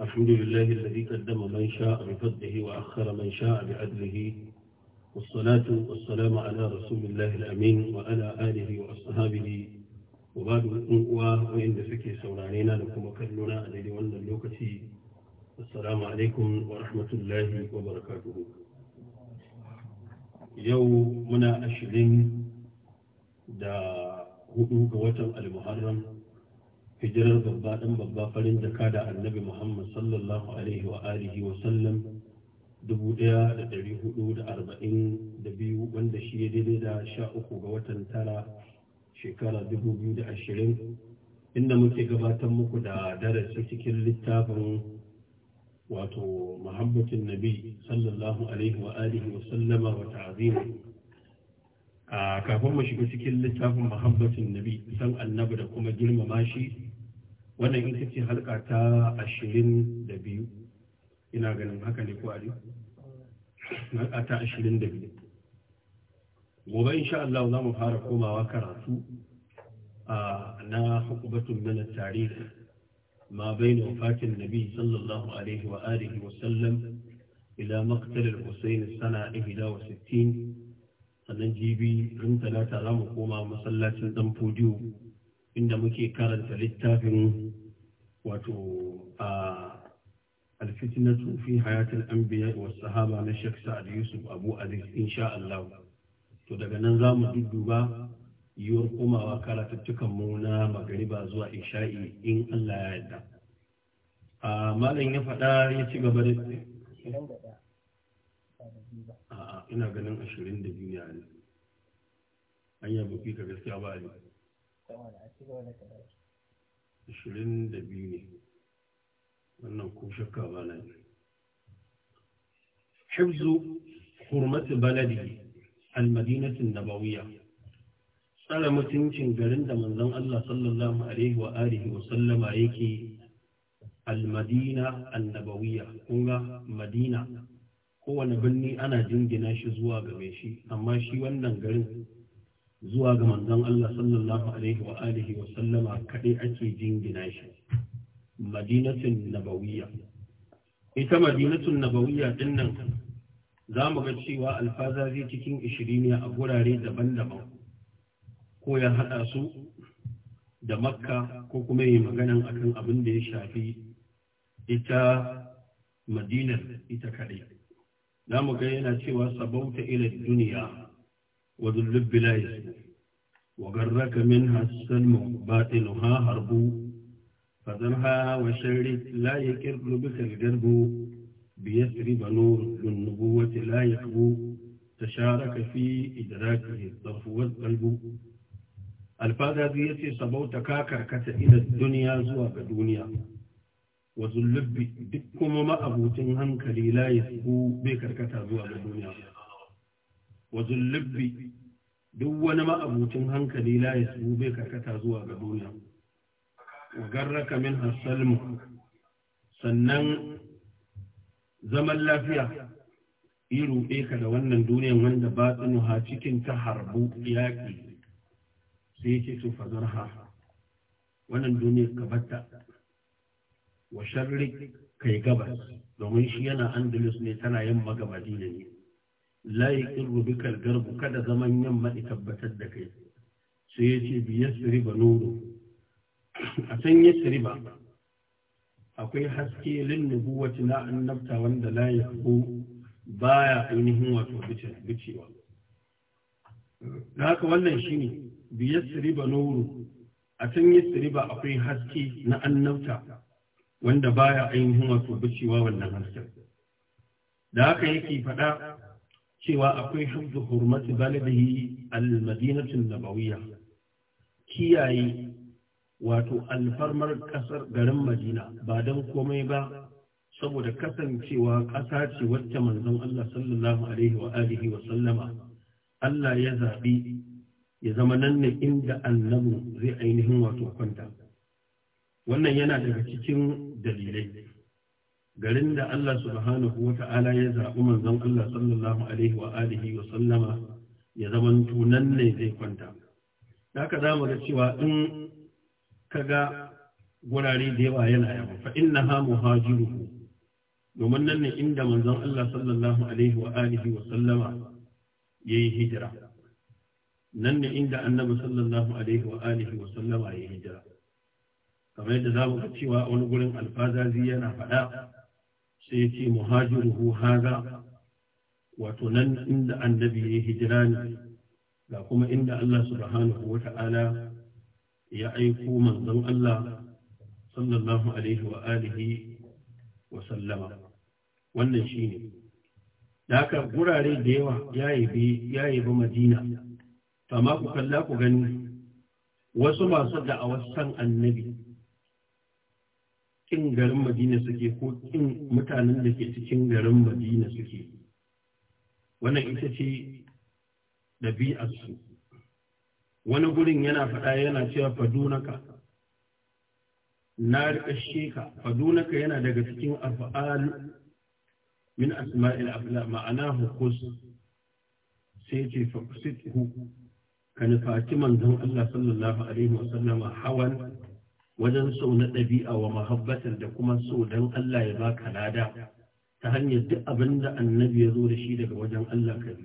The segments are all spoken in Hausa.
الحمد لله الذي قدم من شاء بفضله وأخر من شاء بعدله والصلاة والسلام على رسول الله الأمين وعلى آله وأصحابه وبعد وإن فكي سورانينا لكم وكلنا الذي ولنا اللوكتي السلام عليكم ورحمة الله وبركاته يوم منا أشلين دا هدوك وتم المحرم hijirar babba ɗan babba farin jaka da annabi muhammad sallallahu alaihi wa alihi wa sallam biyu wanda shi ya daidai da sha uku ga watan tara shekara 2020 inda muke gabatar muku da darasi cikin littafin wato muhammadin nabi sallallahu alaihi wa alihi wa sallama wa ta'azimu kafin mu shiga cikin littafin muhabbatin nabi san annabi da kuma girmama shi wannan ita ce halka ta ashirin da biyu ina ganin haka ne ko ali halka ta ashirin da biyu gobe insha Allah za mu fara komawa karatu na hukubatun mana tarihi ma baina wafatin nabi sallallahu alaihi wa alihi wa sallam ila maqtal al-husayn sana 61 sannan jibi rin talata za mu koma masallacin ɗan fodiyo inda muke karanta littafin wato a alfitinatu fi hayatul anbiya wa sahaba na shek Sa'ad Yusuf Abu Aziz insha Allah to daga nan za mu dudduba yiwuwar komawa karatuttukan mu na magariba zuwa isha'i in Allah ya yarda a malam ya faɗa ya ci gaba da ina ganin ashirin da biyu ne a ne an yabu fi ka gaskiya ba a ne ashirin da biyu ne wannan ko shakka ba na yi hibzu hurmatu baladi almadinatin nabawiyya tsara mutuncin garin da manzon Allah sallallahu alaihi wa alihi wa sallama yake almadina Annabawiya kunga madina kowane birni ana jingina shi zuwa ga shi amma shi wannan garin zuwa ga manzon Allah sallallahu alaihi wa alihi wa sallama kadai ake jingina shi madinatun nabawiyya ita madinatun nabawiyya din nan za mu ga cewa alfaza zai cikin ishiriniya a gurare daban-daban ko ya haɗa su da makka ko kuma yi maganan akan abin da ya shafi ita madinar ita kaɗai لا mu ga yana cewa sabauta ila duniya wa dullub وقرك wa garraka min هربو batinuha harbu لا يكر بك القرب بيسرب نور للنبوة لا يكبو تشارك في إدراكه الطرف والقلب الفاذا ديتي صبوتك كاكا إلى الدنيا زوى الدنيا wa zullubi duk kuma ma'abucin hankali la yasbu bai karkata zuwa ga duniya wa zullubi duk wani ma'abucin hankali la yasbu bai karkata zuwa ga duniya wa garraka min hasalmu sannan zaman lafiya yi ruɗe ka da wannan duniyan wanda ba ha cikin ta harbu yaƙi sai ce su fazarha wannan duniyar ka batta wa sharri kai gabas domin shi yana andalus ne tana yamma ga ne la yaqirru bikal garbu kada zaman yamma ya tabbatar da kai sai ya ce bi yasriba nuru a san ba? akwai haske lin nubuwati na annabta wanda la yaqu baya ainihin wato bicewa haka wannan shine bi yasriba nuru a can ba akwai haske na annabta wanda baya ainihin wato bacewa wannan hasken da haka yake faɗa cewa akwai hafzu hurmati baladihi al-madinatul kiyaye wato alfarmar kasar garin madina ba don komai ba saboda kasancewa ƙasa ce wacce manzon Allah sallallahu alaihi wa alihi wa sallama Allah ya zaɓi ya zama nan ne inda annabu zai ainihin wato kwanta wannan yana daga cikin dalilai garin da Allah subhanahu wa ta'ala ya zaɓi manzon Allah sallallahu alaihi wa alihi wa sallama ya zama tunan ne zai kwanta haka za mu ga cewa in ka ga gurare da yawa yana yawa fa innaha muhajiruhu domin nan ne inda manzon Allah sallallahu alaihi wa alihi wa sallama yayi hijira nan ne inda annabi sallallahu alaihi wa alihi wa sallama yayi hijira kamar yadda za mu ga cewa wani gurin alfazazi yana faɗa sai ce muhajiruhu haza wato nan inda annabi ya hijira ne ga kuma inda Allah subhanahu wa ta'ala ya aiko manzon Allah sallallahu alaihi wa alihi wa sallama wannan shine da haka gurare da yawa ya yi ba madina to amma ku kalla ku gani wasu masu a san annabi kin garin madina suke ko kin mutanen da ke cikin garin madina suke wannan ita ce ɗabi'arsu wani gurin yana faɗa yana cewa fadunaka na riƙashe ka fadunaka yana daga cikin af'al min asma'il afla ma'ana hukus sai ce faqsithu kan fatima manzon Allah sallallahu alaihi wa hawan wajen so na ɗabi'a wa mahabbatar da kuma so don Allah ya baka lada ta hanyar duk abin da annabi ya zo da shi daga wajen Allah ka bi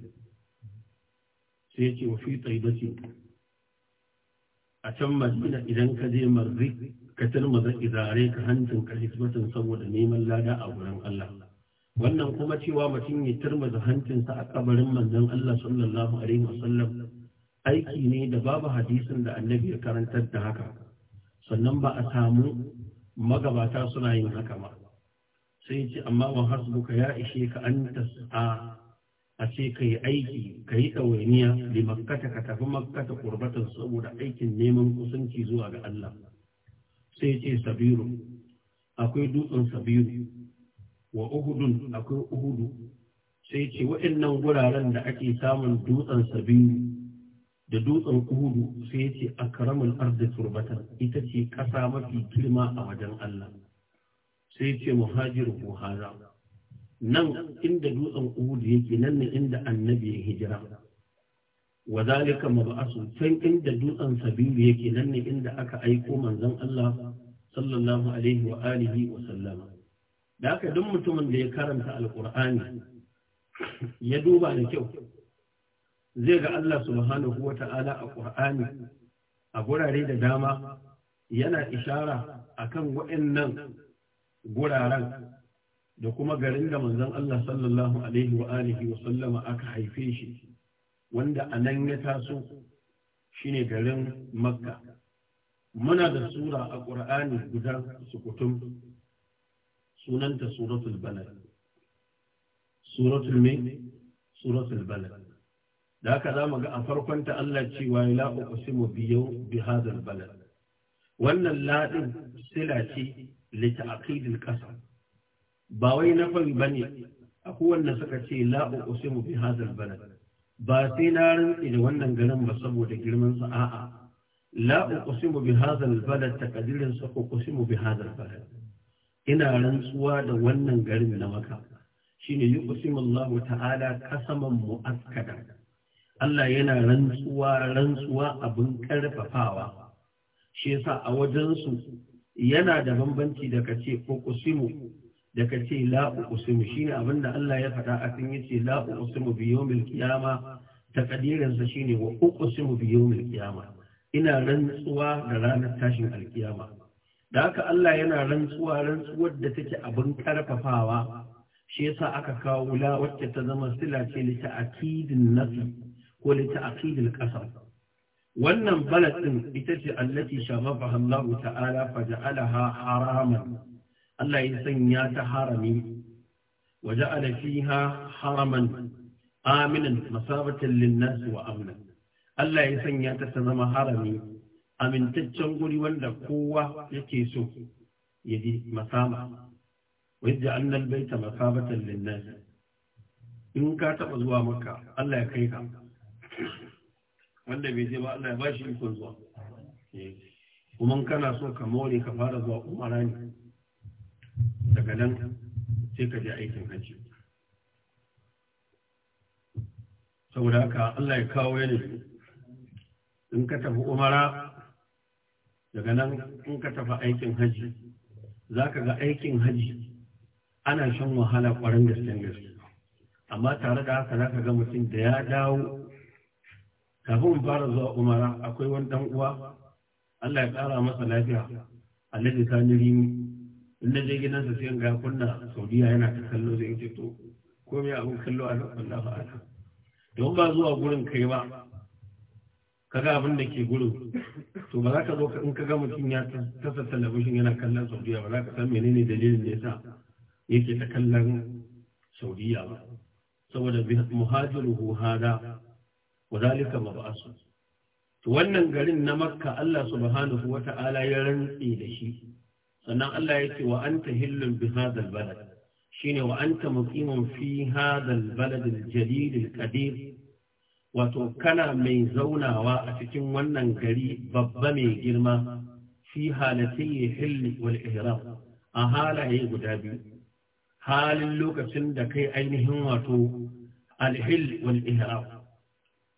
sai ya ce wa fi tsaibati a can madina idan ka je marzi ka tarmaza izare ka hancin ka hisbatin saboda neman lada a wurin Allah wannan kuma cewa mutum ya tarmaza hancinsa a kabarin manzon Allah sallallahu alaihi wasallam aiki ne da babu hadisin da annabi ya karantar da haka sannan ba a samu magabata suna yin haka ba sai ce amma wa hasbuka ya ishe ka an a ce ka yi aiki ka yi ɗawainiya da makkata ka tafi makkata kurbatan saboda aikin neman kusanci zuwa ga Allah sai ce sabiru akwai dutsen sabiru wa uhudun akwai uhudu sai ce waɗannan wuraren da ake samun dutsen sabiru da dutsen kudu sai ya ce akramul ardi turbatan ita ce kasa mafi girma a wajen Allah sai ya ce muhajir ko nan inda dutsen kudu yake nan ne inda annabi ya hijira wa zalika mab'asu can inda dutsen sabilu yake nan ne inda aka aiko manzon Allah sallallahu alaihi wa alihi wa sallama da haka duk mutumin da ya karanta alqur'ani ya duba da kyau zai ga Allah subhanahu wa ta'ala a Ƙur'ani a gurare da dama yana ishara a kan waɗannan guraren da kuma garin da manzon Allah sallallahu alaihi wa wa sallama aka haife shi wanda a nan ya taso shine garin Makka muna da sura a Ƙur'ani guda sukutum sunanta suratul balad suratul mai suratul balad da haka za mu ga a farkonta Allah cewa la uqsimu bi yau bi hadal balad wannan ladin sila ce li ta'qidil qasam ba wai na fari bane akwai wanda suka ce la uqsimu bi hadal balad ba sai na rantsi da wannan garin ba saboda girman sa a'a la uqsimu bi hadal balad taqdirin sa uqsimu bi hadal balad ina rantsuwa da wannan garin na maka shine yuqsimu Allah ta'ala kasaman mu'akkada Allah yana rantsuwa rantsuwa abin ƙarfafawa shi yasa a wajensu yana da bambanci da kace uqsimu daga ce la Shi ne abin da Allah ya faɗa a cikin yace la uqsimu bi yawmil qiyama takadirin shi shine wa uqsimu bi yawmil qiyama ina rantsuwa da ranar tashin alkiyama da haka Allah yana rantsuwa rantsuwar da take abin karfafawa shi yasa aka kawo la wacce ta zama sila ce li ta'kidin nafi ko لتعقيد القصر wannan balad din ita ce allati sharafaha Allah ta'ala faja'alaha haraman Allah ya sanya ta harami waja'ala fiha haraman aminan masabatan lin-nas wa amna Allah ya sanya ta ta zama harami amintaccen guri wanda kowa yake so ya ji masama wa yaj'alna al-bayta masabatan lin in ka taba zuwa makka Allah ya kai ka wanda bai je ba Allah ya bashi ikon zuwa kuma kana so ka more ka fara zuwa umara ne daga nan sai ka je aikin hajji saboda haka Allah ya kawo yanayi in ka tafi umara daga nan in ka tafi aikin hajji za ka ga aikin hajji ana shan wahala kwarin gaske gaske amma tare da haka za ka ga mutum da ya dawo kafin mu fara zuwa umara akwai wani dan uwa Allah ya kara masa lafiya alhaji sani rimi inda zai je sa sai ga kunna saudiya yana ta kallo zai ce to ko me abun kallo a nan Allah ba don ba zuwa gurin kai ba kaga abin da ke gurin to ba za ka zo in ka ga mutum ya tasa talabishin yana kallon saudiya ba za ka san menene dalilin da yasa yake ta kallon saudiya ba saboda muhajiruhu hada kudalika mab'asu wannan garin na makka Allah subhanahu wata'ala ya rantsi da shi sannan Allah ya ce wa anta hillun bi hadal balad shine wa anta muqimun fi hadal balad al jalil al wato kana mai zaunawa a cikin wannan gari babba mai girma fi halatayi hilli wal ihram a halaye guda biyu halin lokacin da kai ainihin wato alhil wal ihram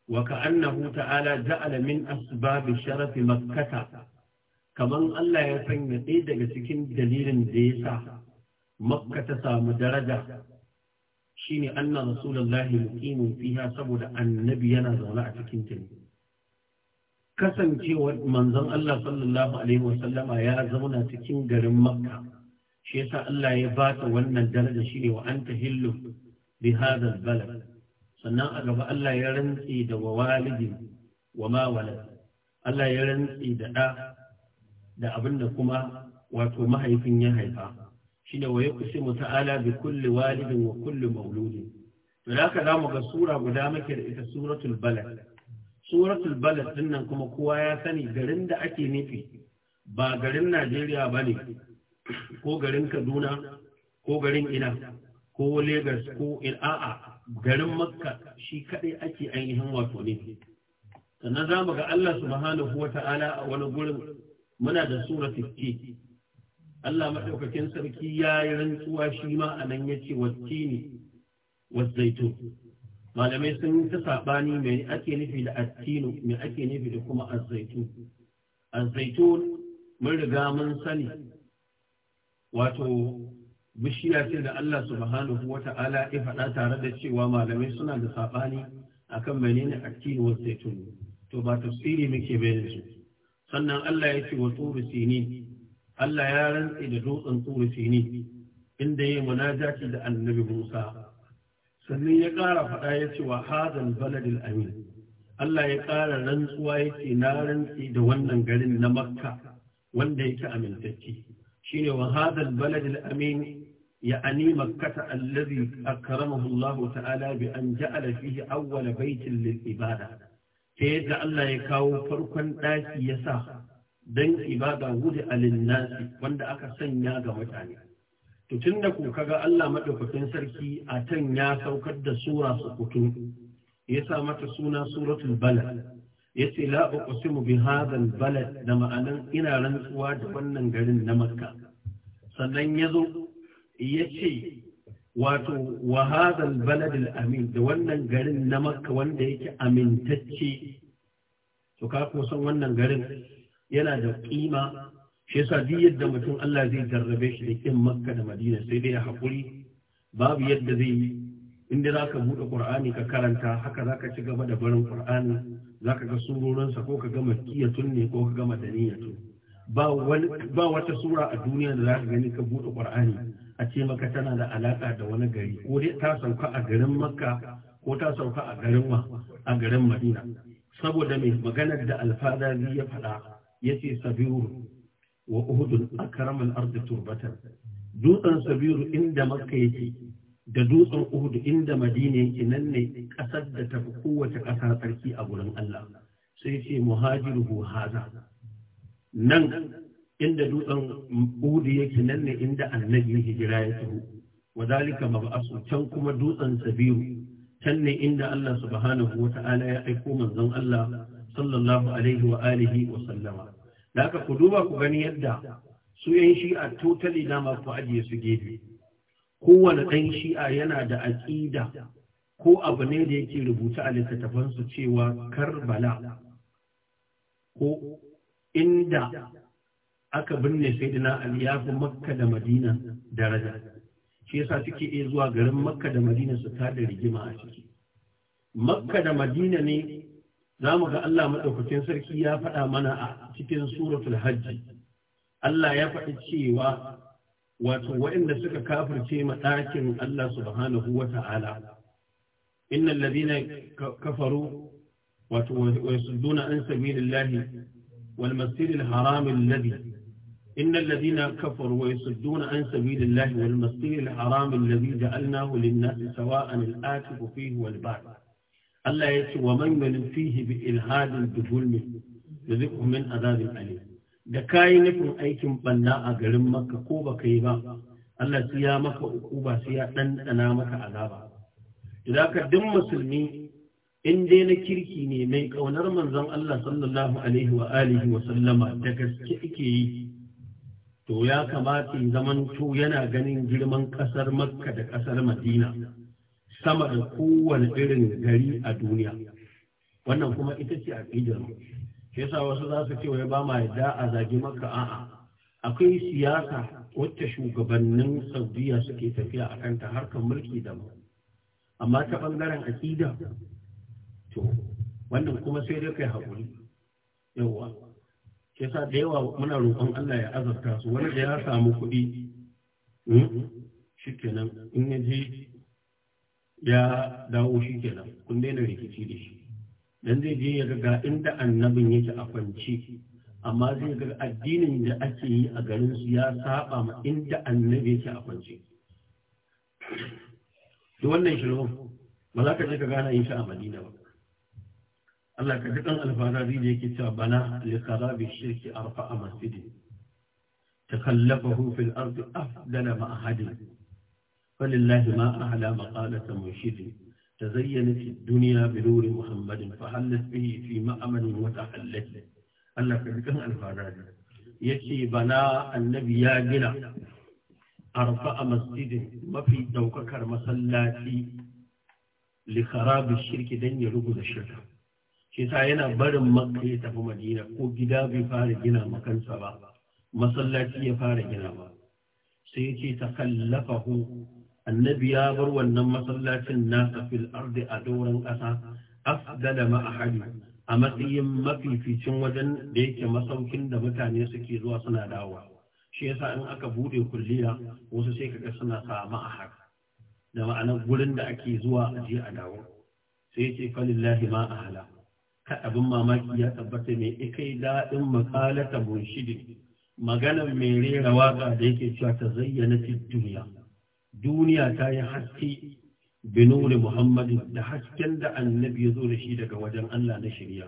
وكأنه تعالى جعل من أسباب شرف مكة كمان الله يفن يقيد سكين دليل ديسا مكة سام درجة شين أن رسول الله مقيم فيها سبب النبي نزل سكين تلي kasancewar manzon Allah sallallahu alaihi ya zauna cikin garin Makka shi yasa Allah ya bata wannan daraja shine wa anta hillu bi balad sannan a gaba Allah ya rantsi da wa walidin wa ma walad Allah ya rantsi da ɗa da abin da kuma wato mahaifin ya haifa shi shine wa mu ta'ala bi kulli walidin wa kulli mauludin to da haka zamu ga sura guda muke da ita suratul balad suratul balad dinnan kuma kowa ya sani garin da ake nufi ba garin Najeriya bane ko garin Kaduna ko garin ina ko Lagos ko a'a garin makka shi kaɗai ake ainihin wato ne sannan za mu ga Allah subhanahu wa ta'ala a wani gurin muna da sura 50 Allah maɗaukakin sarki ya yi rantsuwa shi ma a nan ya ce wattini wazzaito malamai sun ta saɓani mai ake nufi da attino mai ake nufi da kuma azaitu azaitu mun riga mun sani wato bishiya ce da Allah subhanahu wa ta'ala ya faɗa tare da cewa malamai suna da saɓani akan menene aktini wa zaitun to ba tafsiri muke bayan su sannan Allah ya ce wa turu sini Allah ya rantse da dutsen turu sini inda ya munajati da annabi Musa sannan ya ƙara faɗa ya ce wa hadal baladil amin Allah ya ƙara rantsuwa ya ce na rantse da wannan garin na Makka wanda yake amintacce shine wa hadal baladil amin يعني مكة الذي أكرمه الله تعالى بأن جعل فيه أول بيت للإبادة كيد الله يكاو فرقا آتي يسا دن إبادة ودع للناس واند أكا سنيا غمتاني تتندكو كغا الله مدوك تنسركي أتنيا سوكد سورة سقطو يسا مت سونا سورة البلد يسي لا أقسم بهذا البلد نما أنا إنا رنسوا جفنن غرن نمكة sannan ya zo ce wato wa hadha amin da wannan garin na makka wanda yake amintacce to ka san wannan garin yana da kima shi yasa duk yadda mutum Allah zai jarrabe shi da kin makka da madina sai dai ya hakuri babu yadda zai yi inda za ka buɗe ƙur'ani ka karanta haka za ka ci gaba da barin ƙur'ani za ka ga surorinsa ko ka gama kiyatun ne ko ka gama daniyatun ba wata sura a duniya da za ka gani ka buɗe ƙur'ani a ce maka tana da alaka da wani gari ko dai ta sauka a garin makka ko ta sauka a garin ma a garin madina saboda mai maganar da alfadari ya faɗa ya ce sabiru wa uhudun akramul ardi turbatan dutsen sabiru inda makka yake da dutsen uhudu inda madina yake nan ne ƙasar da ta fi kowace ƙasa tsarki a gurin Allah sai ce muhajiru haza nan inda dutsen Uhud yake nan ne inda annabi hijira ya taho wa zalika mab'asu can kuma dutsen Sabiru can ne inda Allah subhanahu wa ta'ala ya aiko manzon Allah sallallahu alaihi wa alihi wa sallama da haka ku duba ku gani yadda su yan shi'a totally dama ku ajiye su gefe kowane ɗan shi'a yana da aƙida ko abu ne da yake rubuta a littattafansu cewa karbala ko inda aka binne sai dina ya fi Makka da Madina daraja shi yasa suke iya zuwa garin Makka da Madina su tada rigima a ciki Makka da Madina ne za mu ga Allah madaukakin sarki ya faɗa mana a cikin suratul hajji Allah ya faɗi cewa wato waɗanda suka kafirce ma ɗakin Allah subhanahu wa ta'ala innal ladina kafaru wato wa yasudduna an sabilillahi wal masjidil haram alladhi إن الذين كفروا ويصدون عن سبيل الله والمسيح الحرام الذي جعلناه للناس سواء الآتف فيه والبعد الله يتي ومن من فيه بإلهاد بظلم يذقه من عذاب أليم da kayi nufin aikin banna a garin maka ko ba ka yi ba Allah sai ya maka uku ba sai ya ɗanɗana maka azaba idan ka musulmi in na kirki ne mai ƙaunar manzon Allah sallallahu alaihi wa sallama da gaske ake yi to ya kamata zaman to yana ganin girman ƙasar makka da ƙasar madina sama da kowane irin gari a duniya wannan kuma ita ce a mu. shi yasa wasu za su ce wai ba ma yadda a zagi maka a'a akwai siyasa wacce shugabannin saudiya suke tafiya a kanta harkar mulki da amma ta ɓangaren aƙida to wannan kuma sai dai kai haƙuri yawwa yasa da yawa muna roƙon Allah ya azabta su wani da ya samu kuɗi hmm, shi kenan in ya je ya dawo shi kenan kun daina rikici da shi dan zai je ya ga inda annabin yake a kwance amma zai ga addinin da ake yi a garin su ya saba ma inda annabi yake a kwance duk wannan shirin ba za ka je ka gana yin shi a Madina ba Allah ka dukan alfarari da yake cewa bana bi shirki arfa a masjidin. ta kallafa hufin arfi afdala ma'ahadi falillahi ma ahala maqalata mushidi ta zayyana fi duniya bi nuri muhammadin fa hallas bihi fi ma'amalin wa tahallal Allah ka dukan alfarari yace bana annabi ya gina arfa a masjidin mafi daukakar masallaci Likara bi shirki dan ya rubuta shirka isa yana barin makka ya tafi madina ko gida bai fara gina makansa ba masallaci ya fara gina ba sai ya ce takallafahu annabi ya bar wannan masallacin na fil ardi a doron ƙasa afdala ma ahadi a matsayin mafificin wajen da yake masaukin da mutane suke zuwa suna dawowa shi yasa in aka bude kulliya wasu sai kaga suna sa haka? da ma'anar gurin da ake zuwa a je a dawo sai ya ce falillahi ma ahala abin mamaki ya tabbata mai ikai daɗin makalata munshidin maganar mai rera waka da yake cewa ta zayyana duniya duniya ta yi haske binuri muhammadu da hasken da annabi ya zo da shi daga wajen Allah na shirya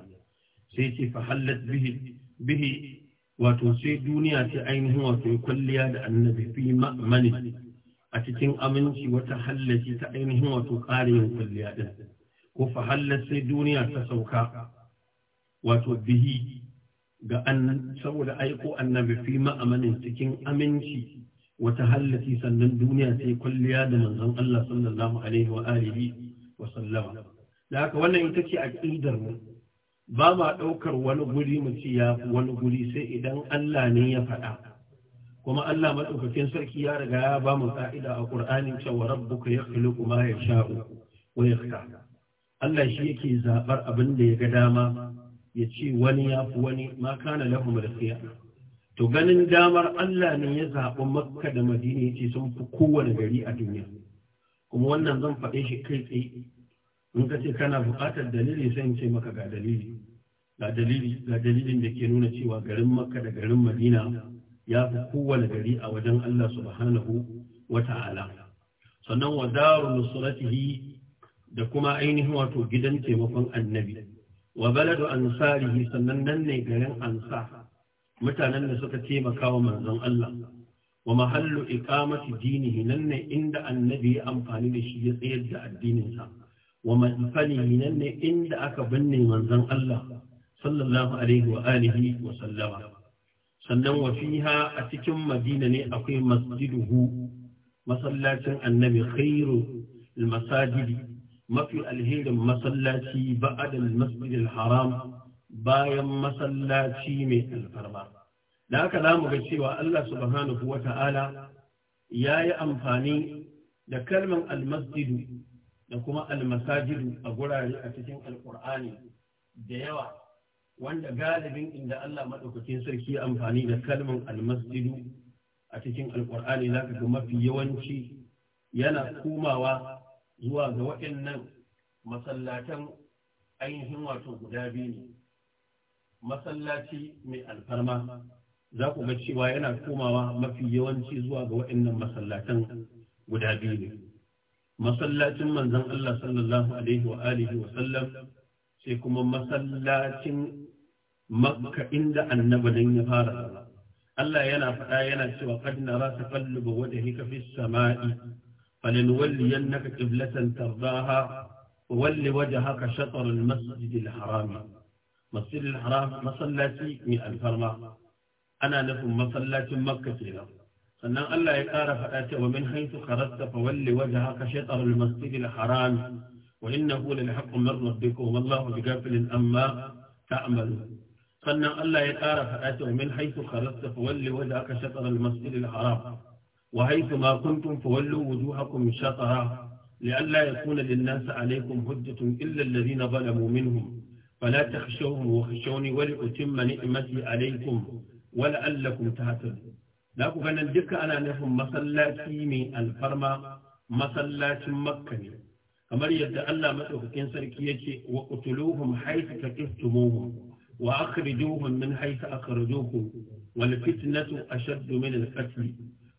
sai ce fahallat bihi wato sai duniya ce ainihin wato kwalliya da annabi fi ma'amani a cikin aminci wata hallaci ta ainihin wato ƙariyin kwalliya ɗin ko fahallar sai duniya ta sauka wato bihi ga annan saboda aiko annabi fi ma'amanin cikin aminci wata hallaki sannan duniya sai kwalliya da manzon Allah sallallahu alaihi wa alihi wa sallama da haka wannan ita ce aqidar mu ba ma daukar wani guri mu ci ya wani guri sai idan Allah ne ya faɗa kuma Allah madaukakin sarki ya riga ya ba mu ka'ida a Qur'ani cewa rabbuka yakhluqu ma yasha'u wa yakhtar Allah shi yake zaɓar abin da ya ga dama ya ce wani ya fi wani ma kana lahu marfiya to ganin damar Allah ne ya zaɓi makka da madina ya ce sun fi kowane gari a duniya kuma wannan zan faɗe shi kai tsaye in ka ce kana buƙatar dalili sai in ce maka ga dalili ga dalili ga dalilin da ke nuna cewa garin makka da garin madina ya fi kowane gari a wajen Allah subhanahu wa ta'ala sannan wa daru nusratihi da kuma ainihin wato gidan taimakon annabi wa baladu ansarihi sannan nan ne garin ansa mutanen da suka taimaka wa manzon Allah wa mahallu iqamati dinihi nan ne inda annabi ya amfani da shi ya tsayar da addininsa wa manfalihi nan ne inda aka binne manzon Allah sallallahu alaihi wa alihi wa sallama sannan wa fiha a cikin madina ne akwai masjiduhu masallacin annabi khairu al-masajidi mafi alherin masallaci ba'adal masjidil haram bayan masallaci mai alfarma da haka za ga cewa Allah subhanahu wa ta'ala ya yi amfani da kalman almasjidu da kuma almasajidu a gurare a cikin alkur'ani da yawa wanda galibin inda Allah maɗaukakin sarki amfani da kalman almasjidu a cikin alkur'ani zaka ga mafi yawanci yana komawa zuwa ga waɗannan masallatan ainihin wato guda biyu ne masallaci mai alfarma za ku ga cewa yana komawa mafi yawanci zuwa ga waɗannan masallatan guda biyu ne masallacin manzon Allah sallallahu alaihi wa alihi wa sallam sai kuma masallacin makka inda annabi nan ya fara sallah Allah yana faɗa yana cewa qad nara taqalluba wajhika fis sama'i فلنولينك قبلة ترضاها ول وجهك شطر المسجد الحرام مسجد الحرام ما صلاتي من الفرما أنا لكم ما صلاتي مكة فينا صلى الله يقار فأتي ومن حيث خرجت فول وجهك شطر المسجد الحرام وإنه للحق من ربكم والله بقافل أما تعمل صلى الله يقار فأتي ومن حيث خرجت فول وجهك شطر المسجد الحرام وحيث ما كنتم فولوا وجوهكم شطرا لئلا يكون للناس عليكم حجة إلا الذين ظلموا منهم فلا تخشوهم وخشوني ولأتم نعمتي عليكم ولعلكم تهتدون لا كان دكا أنا نفهم مسلاتي من الفرما مسلات مكة كما يدعى الله مدعوكين سركية وقتلوهم حيث تكفتموهم وأخرجوهم من حيث أخرجوكم والفتنة أشد من القتل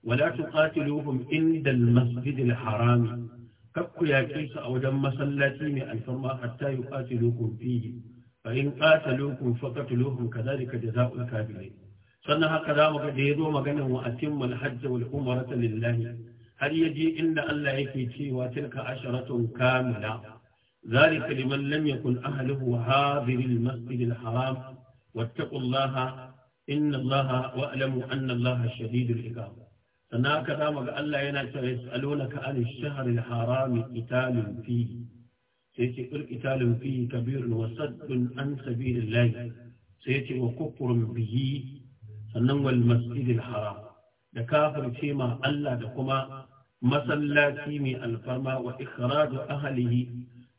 wala tuqatiluhum inda al-masjid al-haram kakku yake su a wajen masallaci mai alfarma hatta yuqatiluhum fihi fa in qataluhum faqatiluhum kadhalika jazaa'ul kafirin sannan haka zamu ga da yazo maganan wa atimmal hajj wal umrata lillahi har yaje inda Allah yake cewa tilka asharatun kamila ذلك لمن لم يكن أهله حاضر المسجد الحرام واتقوا الله إن الله واعلموا أن الله شديد العقاب sannan haka za mu ga Allah yana cewa yas'alunaka an ash-shahr al-haram qitalun fihi sai ce qul qitalun fihi kabirun wa saddun an sabilillah sai ce wa kufrun bihi sannan wal masjid haram da ce ma Allah da kuma masallaci mai alfarma wa ikhraju ahlihi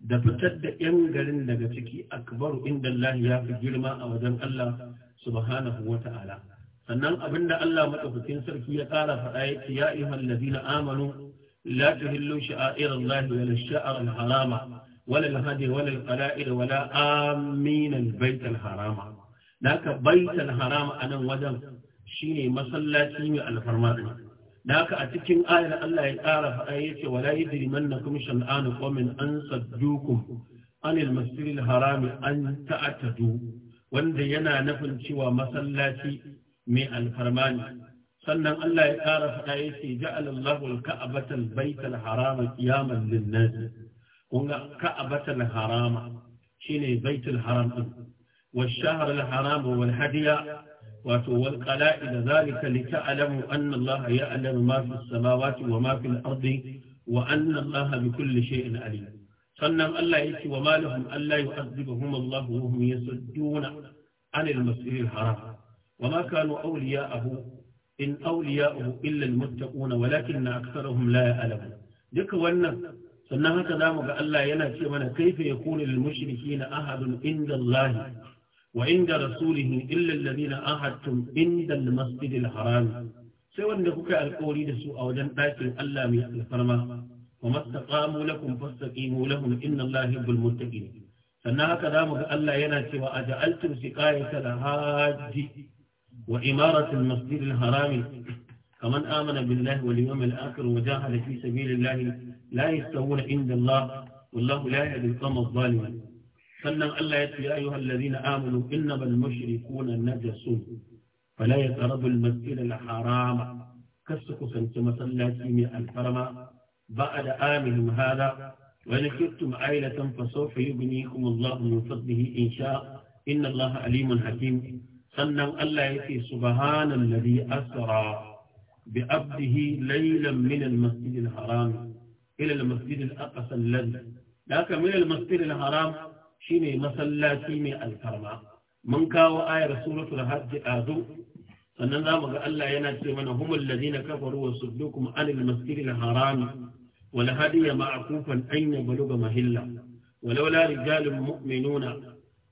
da fitar da ‘yan garin daga ciki akbaru inda Allah ya fi girma a wajen Allah subhanahu wa ta'ala. sannan abin da Allah madaukakin sarki ya ƙara faɗa ya ce ya ayyuhal ladina amanu la tuhillu sha'airallahi wal sha'ar al harama wala al hadi wala al qala'id wala amin al harama naka bait al harama nan wajen shine masallaci mai alfarma da haka a cikin ayar Allah ya ƙara faɗa ya ce wala yajrimannakum shan'anu qawmin an saddukum anil masjidil harami an ta'tadu wanda yana nufin cewa masallaci mai alfarmani sannan Allah ya ƙara faɗa ya ce ja'alallahu al-ka'abatal baital harama qiyaman lin-nas kun ga ka'abatal harama shine baitul haram din wa shahr al-haram wa al hadiya wa to wal qala'id zalika li ta'lamu anna Allah ya'lamu ma fi as-samawati wa ma fi al-ardi wa anna Allah bi kulli shay'in alim sannan Allah yake wa malahum Allah yu'adhibuhum Allah wa hum yasudduna 'anil masjidil haram wa ma kanu awliya'ahu in awliya'ahu illa almuttaquna walakin aktharuhum la ya'lamun duka wannan sannan haka zamu ga Allah yana ce mana kaifa yakunu lil mushrikeena ahadun inda Allah wa inda rasulihi illa alladhina ahadtum inda almasjidil haram sai wanda kuka alƙawari da su a wajen ɗakin Allah mai alfarma wa mastaqamu lakum fastaqimu lahum inna Allah sannan haka zamu ga Allah yana cewa aja'altum siqayata al وإمارة المسجد الهرام فمن آمن بالله واليوم الآخر وجاهل في سبيل الله لا يستوون عند الله والله لا يهدي القوم الظالم سلم الله يا أيها الذين آمنوا إنما المشركون نجس فلا يقربوا المسجد الحرام كسكوا سنتم صلى في الحرم بعد آمهم هذا وإن كنتم عائلة فسوف يبنيكم الله من فضله إن شاء إن الله عليم حكيم sannan Allah yake subhanan ladhi asra bi abdihi laylan min al-masjid al-haram ila al-masjid al-aqsa alladhi laka min al-masjid al-haram shine masallaci mai alkarma mun kawo ayar suratul hajj azu sannan zamu ga Allah yana ce mana humul ladina kafaru wa su duk masjid al-haram wal hadiya ma'kufan an yablugha mahilla ولولا رجال مؤمنون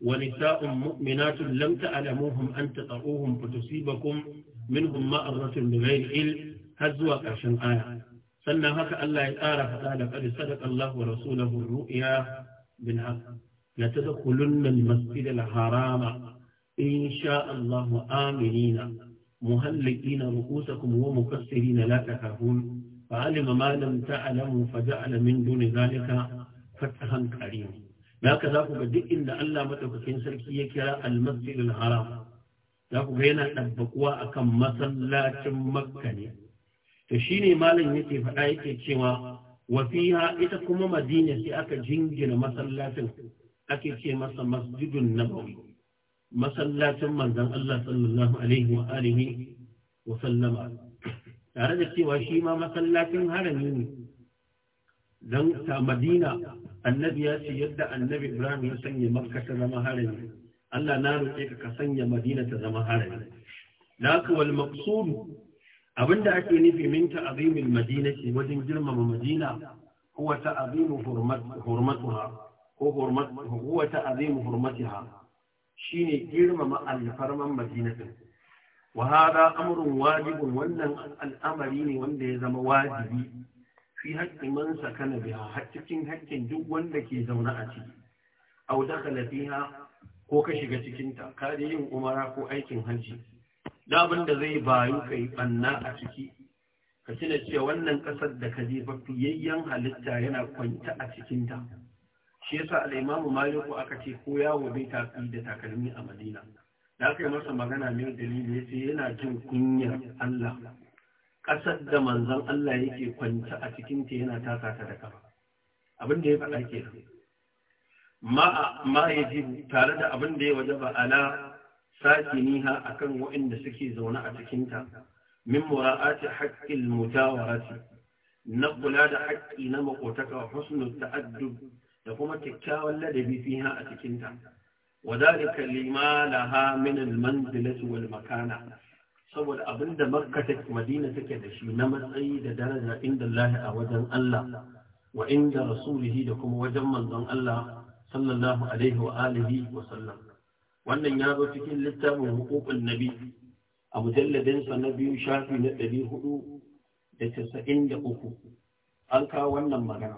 ونساء مؤمنات لم تعلموهم أن تطعوهم فتصيبكم منهم مأرة بغير علم هزوا كرشن آية سنة هكا الله يتآرى فقال قد صدق الله ورسوله الرؤيا بالحق لتدخلن المسجد الحرام إن شاء الله آمنين مهلكين رؤوسكم ومكسرين لا تخافون فعلم ما لم تعلموا فجعل من دون ذلك فتحا كريما da haka za ku ga duk inda Allah madaukakin sarki ya kira almasjidul haram za ku ga yana ɗabbaƙuwa akan masallacin makka ne to ne malam yake faɗa yake cewa wafiha ita kuma madina sai aka jingina masallacin ake ce masa masjidun nabawi masallacin manzon Allah sallallahu alaihi wa alihi wa sallama tare da cewa shi ma masallacin harami ne dan ta madina annabi ya ce yadda annabi ibrahim ya sanya makka ta zama harami Allah na roƙe ka ka sanya madina ta zama harami laka wal maqsud abinda ake nufi min ta'zimil madinati wajen girmama madina huwa ta'zimu hurmat hurmatuha ko hurmat huwa hurmatiha shine girmama alfarman madinatin wa hada amrun wajibun wannan al'amari ne wanda ya zama wajibi fi haƙƙi man sakana biya. har cikin haƙƙin duk wanda ke zaune a ciki aw dakhala fiha ko ka shiga cikin ta ka da yin umara ko aikin hajji da abin da zai bayu kai banna a ciki ka tuna cewa wannan ƙasar da ka je fa halitta yana kwanta a cikin ta shi yasa al imamu maliku aka ce ko yawo bai tafi da takalmi a Madina da aka yi masa magana mai dalili yace yana jin kunyar Allah ƙasar da manzon Allah yake kwanta a cikin ta yana taka ta da kama. abin da ya faɗa ke ma ya ji tare da abin da ya wajaba ala ha akan waɗanda suke zaune a cikinta ta min mura'ati haqqil mutawarati na kula da haƙƙi na makotaka husnul ta'addub da kuma kyakkyawan ladabi fiha a cikinta ta وذلك لما لها من المنزلة saboda abin da makka madina take da shi na matsayi da daraja inda Allah a wajen Allah wa inda rasulihi da kuma wajen manzon Allah sallallahu alaihi wa alihi wa sallam wannan ya zo cikin littafin hukukun nabi a mujalladin sa na biyu shafi na ɗari hudu da casa'in da uku an kawo wannan magana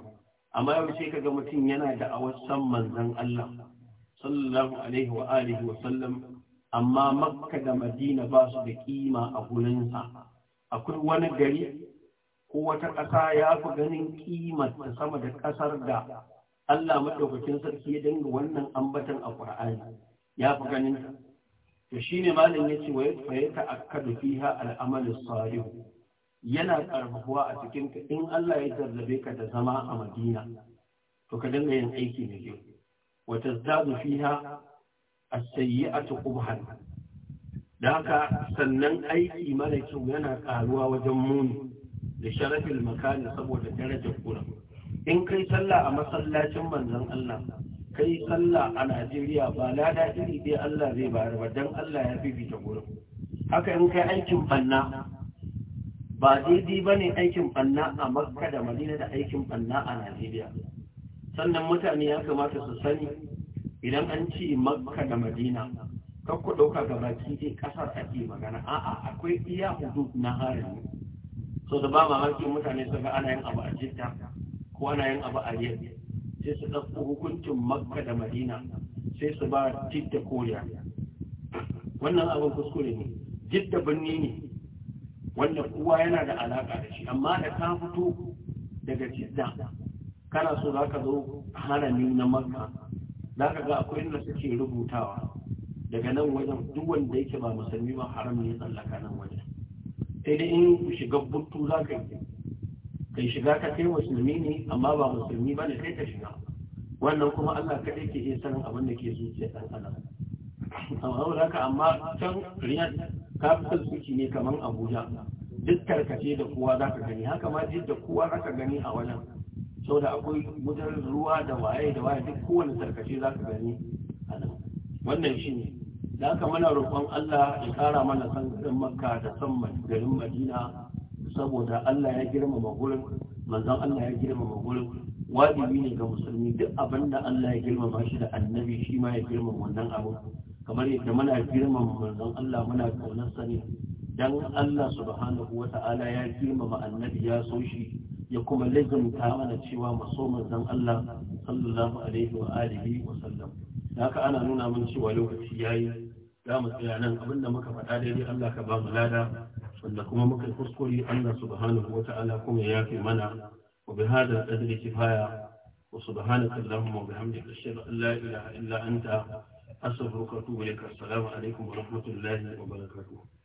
amma yau sai kaga mutum yana da awar san manzon Allah sallallahu alaihi wa alihi wa sallam amma makka da madina ba su da kima a gurinsa akwai wani gari ko wata ƙasa ya fi ganin kimar ta sama da ƙasar da Allah maɗaukakin sarki ya dinga wannan ambatan a Qur'ani ya fi ganin ta to shine malam yace wa yata akadu fiha al-amal salih yana karfafuwa a cikin ka in Allah ya jarrabe ka da zama a Madina to ka dinga yin aiki mai kyau wa tazdadu fiha as-sayyi'atu qubhan da haka sannan aiki mara kyau yana karuwa wajen muni da sharafin makani saboda darajar kura in kai sallah a masallacin manzon Allah kai sallah a Najeriya ba lada iri dai Allah zai bayar ba dan Allah ya ta gurin haka in kai aikin banna ba daidai ba ne aikin banna a makka da madina da aikin banna a najeriya sannan mutane ya kamata su sani idan an ce makka da madina kan ku ɗauka ga baki ɗin ƙasar ake magana a'a akwai iya hudu na harin so da ba mamaki mutane su ga ana yin abu a jidda ko ana yin abu a yadda sai su ɗauko hukuncin makka da madina sai su ba jidda koriya wannan abin kuskure ne jidda birni ne wanda kowa yana da alaƙa da shi amma da ka fito daga jidda kana so za ka zo harami na makka za ka ga akwai inda suke rubutawa daga nan wajen duk wanda yake ba musulmi ba haram ne tsallaka nan wajen sai dai in shiga buttu za ka yi kai shiga ka kai musulmi ne amma ba musulmi ba ne kai ka shiga wannan kuma Allah kaɗai ke iya sanin abin da ke zuciya ɗan adam amma haka amma can riyad capital suci ne kaman abuja duk karkace da kowa za ka gani haka ma da kowa za ka gani a wajen da akwai wutar ruwa da waye da waye duk kowane tarkace za ka gani a nan wannan shi ne da haka mana roƙon Allah ya ƙara mana san garin makka da san garin madina saboda Allah ya girmama gurin manzon Allah ya girmama gurin wajibi ne ga musulmi duk abin da Allah ya girmama shi da annabi shi ma ya girmama wannan abu kamar yadda muna girmama manzon Allah muna kaunarsa ne dan Allah subhanahu ya girmama annabi ya so shi ya kuma lazumta mana cewa maso manzon Allah sallallahu alaihi wa alihi wa sallam da haka ana nuna min cewa lokaci yayi za mu tsaya nan abinda muka faɗa daidai Allah ka ba mu lada wanda kuma muka yi kuskure Allah subhanahu wata'ala kuma ya yafe mana wa bi hada qadri kifaya wa subhanaka allahumma wa bihamdika ashhadu an la ilaha illa anta astaghfiruka wa atubu ilaik assalamu alaikum wa rahmatullahi wa barakatuh